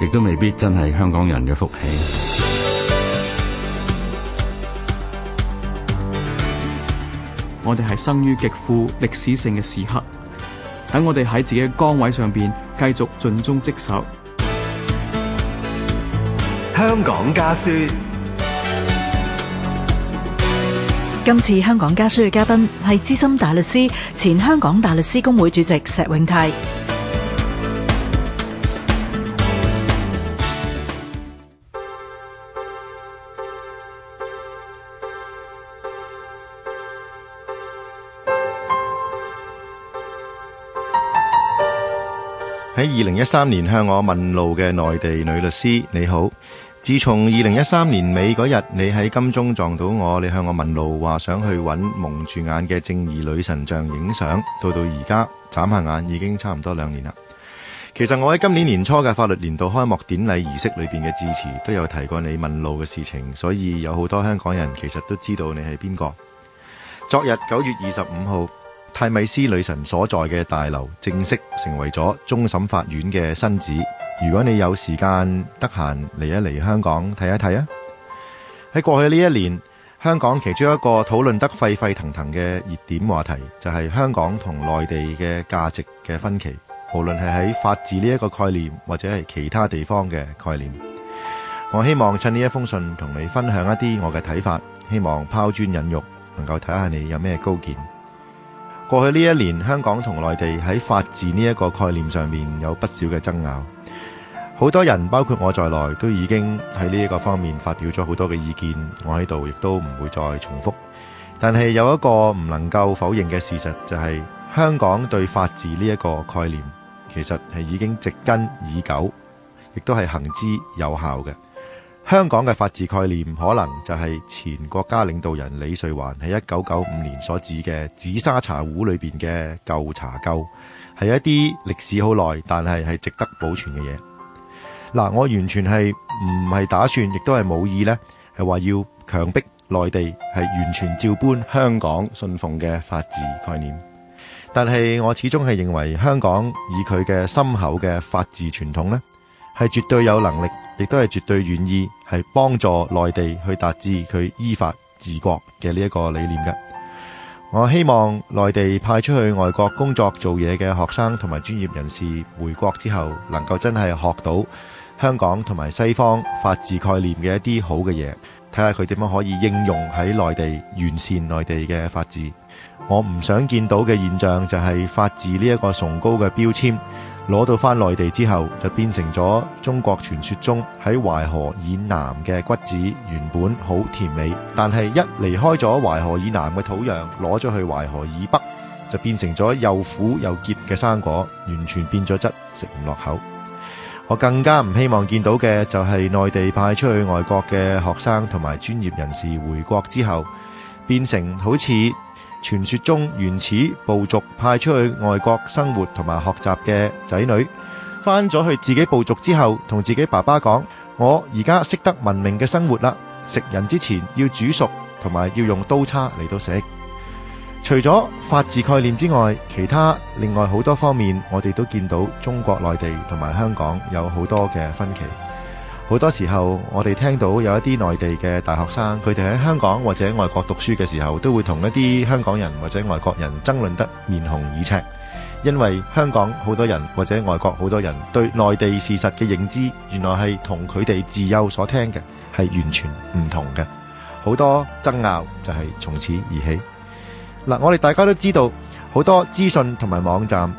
亦都未必真係香港人嘅福氣。我哋係生於極富歷史性嘅時刻，等我哋喺自己嘅崗位上邊繼續盡忠職守。香港家書。今次香港家書嘅嘉賓係資深大律師、前香港大律師公會主席石永泰。喺二零一三年向我問路嘅內地女律師，你好。自從二零一三年尾嗰日，你喺金鐘撞到我，你向我問路話，話想去揾蒙住眼嘅正義女神像影相，到到而家眨下眼已經差唔多兩年啦。其實我喺今年年初嘅法律年度開幕典禮儀式裏邊嘅致辭都有提過你問路嘅事情，所以有好多香港人其實都知道你係邊個。昨日九月二十五號。泰米斯女神所在嘅大樓正式成為咗終審法院嘅新址。如果你有時間得閒，嚟一嚟香港睇一睇啊！喺過去呢一年，香港其中一個討論得沸沸騰騰嘅熱點話題，就係香港同內地嘅價值嘅分歧。無論係喺法治呢一個概念，或者係其他地方嘅概念，我希望趁呢一封信同你分享一啲我嘅睇法，希望拋磚引玉，能夠睇下你有咩高見？過去呢一年，香港同內地喺法治呢一個概念上面有不少嘅爭拗，好多人包括我在內都已經喺呢一個方面發表咗好多嘅意見，我喺度亦都唔會再重複。但係有一個唔能夠否認嘅事實，就是，就係香港對法治呢一個概念，其實係已經植根已久，亦都係行之有效嘅。香港嘅法治概念，可能就係前國家領導人李瑞環喺一九九五年所指嘅紫砂茶壺裏邊嘅舊茶垢，係一啲歷史好耐，但係係值得保存嘅嘢。嗱、啊，我完全係唔係打算，亦都係冇意咧，係話要強迫內地係完全照搬香港信奉嘅法治概念。但係我始終係認為，香港以佢嘅深厚嘅法治傳統咧。係絕對有能力，亦都係絕對願意，係幫助內地去達至佢依法治國嘅呢一個理念嘅。我希望內地派出去外國工作做嘢嘅學生同埋專業人士回國之後，能夠真係學到香港同埋西方法治概念嘅一啲好嘅嘢，睇下佢點樣可以應用喺內地，完善內地嘅法治。我唔想見到嘅現象就係法治呢一個崇高嘅標籤，攞到返內地之後，就變成咗中國傳說中喺淮河以南嘅橘子，原本好甜美，但係一離開咗淮河以南嘅土壤，攞咗去淮河以北，就變成咗又苦又澀嘅生果，完全變咗質，食唔落口。我更加唔希望見到嘅就係內地派出去外國嘅學生同埋專業人士回國之後，變成好似傳說中原始部族派出去外國生活同埋學習嘅仔女，返咗去自己部族之後，同自己爸爸講：我而家識得文明嘅生活啦，食人之前要煮熟，同埋要用刀叉嚟到食。除咗法治概念之外，其他另外好多方面，我哋都見到中國內地同埋香港有好多嘅分歧。好多時候，我哋聽到有一啲內地嘅大學生，佢哋喺香港或者外國讀書嘅時候，都會同一啲香港人或者外國人爭論得面紅耳赤，因為香港好多人或者外國好多人對內地事實嘅認知，原來係同佢哋自幼所聽嘅係完全唔同嘅，好多爭拗就係從此而起。嗱，我哋大家都知道好多資訊同埋網站，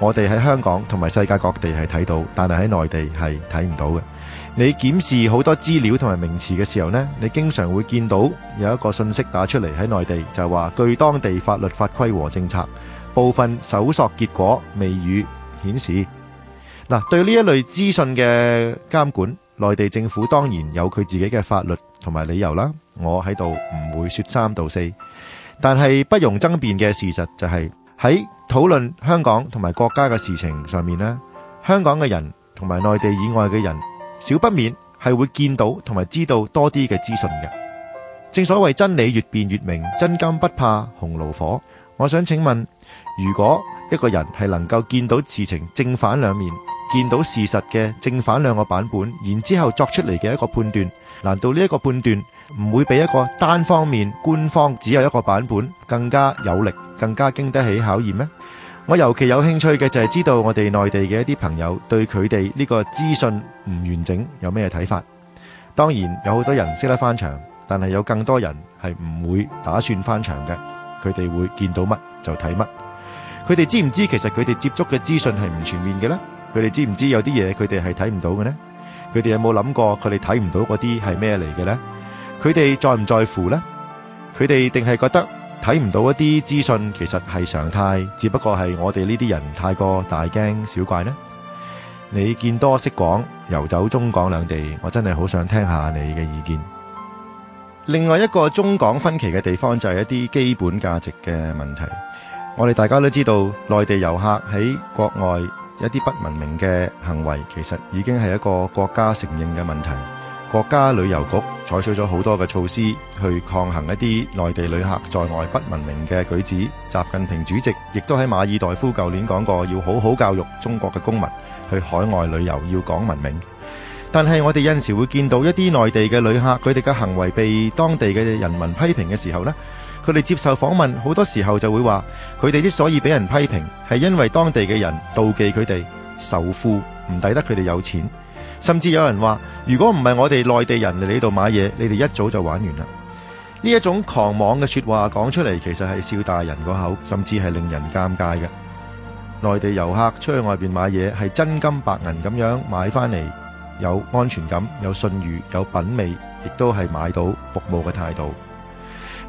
我哋喺香港同埋世界各地係睇到，但係喺內地係睇唔到嘅。你檢視好多資料同埋名詞嘅時候呢，你經常會見到有一個信息打出嚟，喺內地，就係話據當地法律法規和政策，部分搜索結果未予顯示。嗱，對呢一類資訊嘅監管，內地政府當然有佢自己嘅法律同埋理由啦。我喺度唔會說三道四，但係不容爭辯嘅事實就係喺討論香港同埋國家嘅事情上面呢，香港嘅人同埋內地以外嘅人。少不免係會見到同埋知道多啲嘅資訊嘅，正所謂真理越辯越明，真金不怕紅爐火。我想請問，如果一個人係能夠見到事情正反兩面，見到事實嘅正反兩個版本，然之後作出嚟嘅一個判斷，難道呢一個判斷唔會比一個單方面、官方只有一個版本更加有力、更加經得起考驗咩？我尤其有興趣嘅就係知道我哋內地嘅一啲朋友對佢哋呢個資訊唔完整有咩睇法？當然有好多人識得翻牆，但係有更多人係唔會打算翻牆嘅。佢哋會見到乜就睇乜。佢哋知唔知其實佢哋接觸嘅資訊係唔全面嘅呢？佢哋知唔知有啲嘢佢哋係睇唔到嘅呢？佢哋有冇諗過佢哋睇唔到嗰啲係咩嚟嘅呢？佢哋在唔在乎呢？佢哋定係覺得睇唔到一啲資訊其實係常態，只不過係我哋呢啲人太過大驚小怪呢。你見多識廣，遊走中港兩地，我真係好想聽下你嘅意見。另外一個中港分歧嘅地方就係一啲基本價值嘅問題。我哋大家都知道，內地遊客喺國外一啲不文明嘅行為，其實已經係一個國家承認嘅問題。國家旅遊局採取咗好多嘅措施去抗衡一啲內地旅客在外不文明嘅舉止。習近平主席亦都喺馬爾代夫舊年講過，要好好教育中國嘅公民去海外旅遊要講文明。但係我哋有陣時會見到一啲內地嘅旅客，佢哋嘅行為被當地嘅人民批評嘅時候呢，佢哋接受訪問好多時候就會話，佢哋之所以俾人批評，係因為當地嘅人妒忌佢哋仇富，唔抵得佢哋有錢。甚至有人話：如果唔係我哋內地人嚟呢度買嘢，你哋一早就玩完啦。呢一種狂妄嘅說話講出嚟，其實係笑大人個口，甚至係令人尷尬嘅。內地遊客出去外邊買嘢，係真金白銀咁樣買翻嚟，有安全感、有信譽、有品味，亦都係買到服務嘅態度，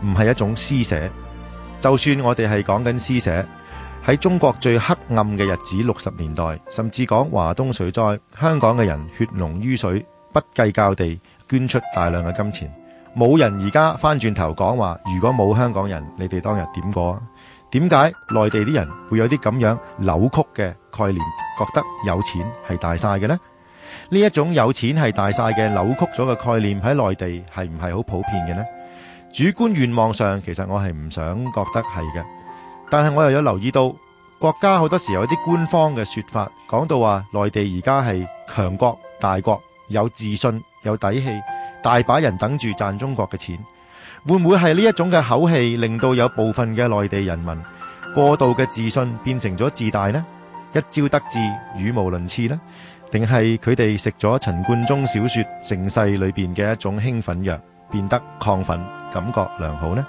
唔係一種施捨。就算我哋係講緊施捨。喺中國最黑暗嘅日子，六十年代，甚至講華東水災，香港嘅人血濃於水，不計較地捐出大量嘅金錢。冇人而家翻轉頭講話，如果冇香港人，你哋當日點過？點解內地啲人會有啲咁樣扭曲嘅概念，覺得有錢係大晒嘅呢？呢一種有錢係大晒嘅扭曲咗嘅概念喺內地係唔係好普遍嘅呢？主觀願望上，其實我係唔想覺得係嘅。但係我又有留意到，國家好多時候有啲官方嘅說法，講到話內地而家係強國大國，有自信有底氣，大把人等住賺中國嘅錢。會唔會係呢一種嘅口氣，令到有部分嘅內地人民過度嘅自信變成咗自大呢？一朝得志，語無倫次呢？定係佢哋食咗陳冠中小說《盛世》裏邊嘅一種興奮藥，變得亢奮，感覺良好呢？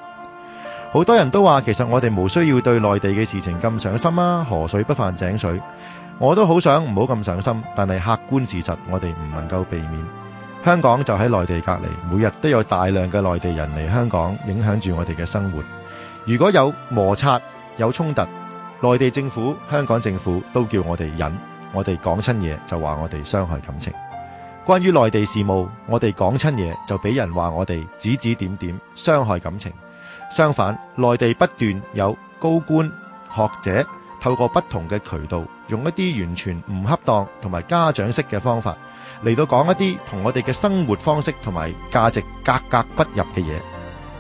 好多人都話，其實我哋冇需要對內地嘅事情咁上心啊，河水不犯井水。我都好想唔好咁上心，但係客觀事實，我哋唔能夠避免。香港就喺內地隔離，每日都有大量嘅內地人嚟香港，影響住我哋嘅生活。如果有摩擦、有衝突，內地政府、香港政府都叫我哋忍，我哋講親嘢就話我哋傷害感情。關於內地事務，我哋講親嘢就俾人話我哋指指點點，傷害感情。相反，內地不斷有高官學者透過不同嘅渠道，用一啲完全唔恰當同埋家長式嘅方法，嚟到講一啲同我哋嘅生活方式同埋價值格格不入嘅嘢，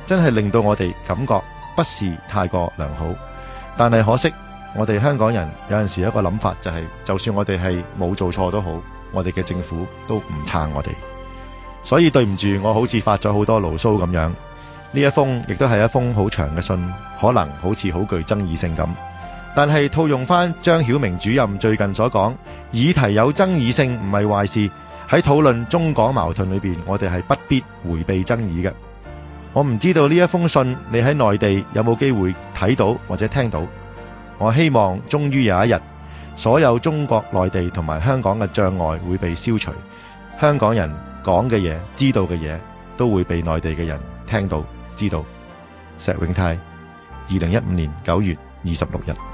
真係令到我哋感覺不是太過良好。但係可惜，我哋香港人有陣時有一個諗法就係，就算我哋係冇做錯都好，我哋嘅政府都唔撐我哋。所以對唔住，我好似發咗好多牢騷咁樣。呢一封亦都係一封好長嘅信，可能好似好具爭議性咁。但係套用翻張曉明主任最近所講，議題有爭議性唔係壞事。喺討論中港矛盾裏邊，我哋係不必迴避爭議嘅。我唔知道呢一封信你喺內地有冇機會睇到或者聽到。我希望終於有一日，所有中國內地同埋香港嘅障礙會被消除，香港人講嘅嘢、知道嘅嘢都會被內地嘅人聽到。知道石永泰，二零一五年九月二十六日。